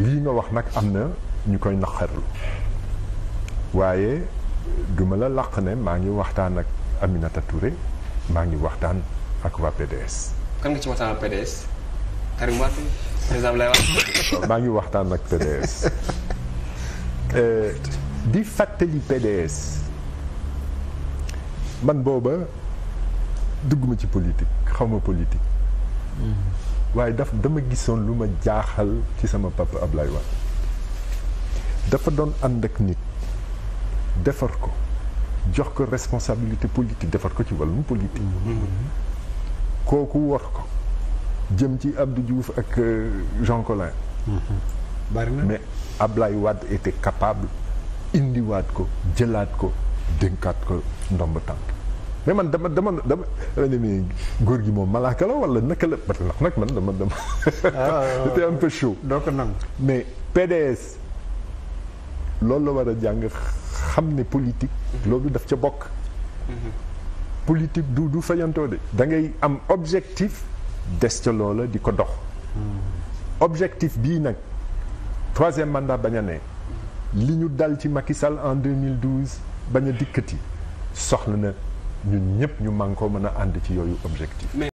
lii nga wax nag am na ñu koy naqarlu waaye duma la làq ne maa ngi waxtaan ak Aminata Touré maa ngi waxtaan ak waa PDS. ci waxtaan maa ngi waxtaan ak PDS. Euh, di fàttali PDS man booba dugguma ci politik xaw ma politique. waaye daf dama gisoon lu ma jaaxal ci sama papa Ablaye Wade dafa doon am ak nit defar ko jox ko responsabilité politique defar ko ci wàllum politique kooku wax ko jëm ci Abdou Diouf ak euh, Jean Collin na mais Ablaye Wade était capable indiwaat ko jëlaat ko dénkaat ko ndomb tànk mais man dama dama dama dama góor gi moom malaaka la wala naka parce que ndax nag man dama dama. Ah. c'était un peu chaud. doo ko mais PDS loolu la war a jàng xam ne politique. Mhm. loolu daf ca bokk. Mhm. politique du du fayantoo de. da ngay am objectif des ca loola di ko dox. Mhm. objectif bii nag troisième mandat bañ a ne li ñu dal ci Macky Sall en 2012 bañ a dikkati soxla na. ñun ñëpp ñu man ko mën a ànd ci yooyu objectif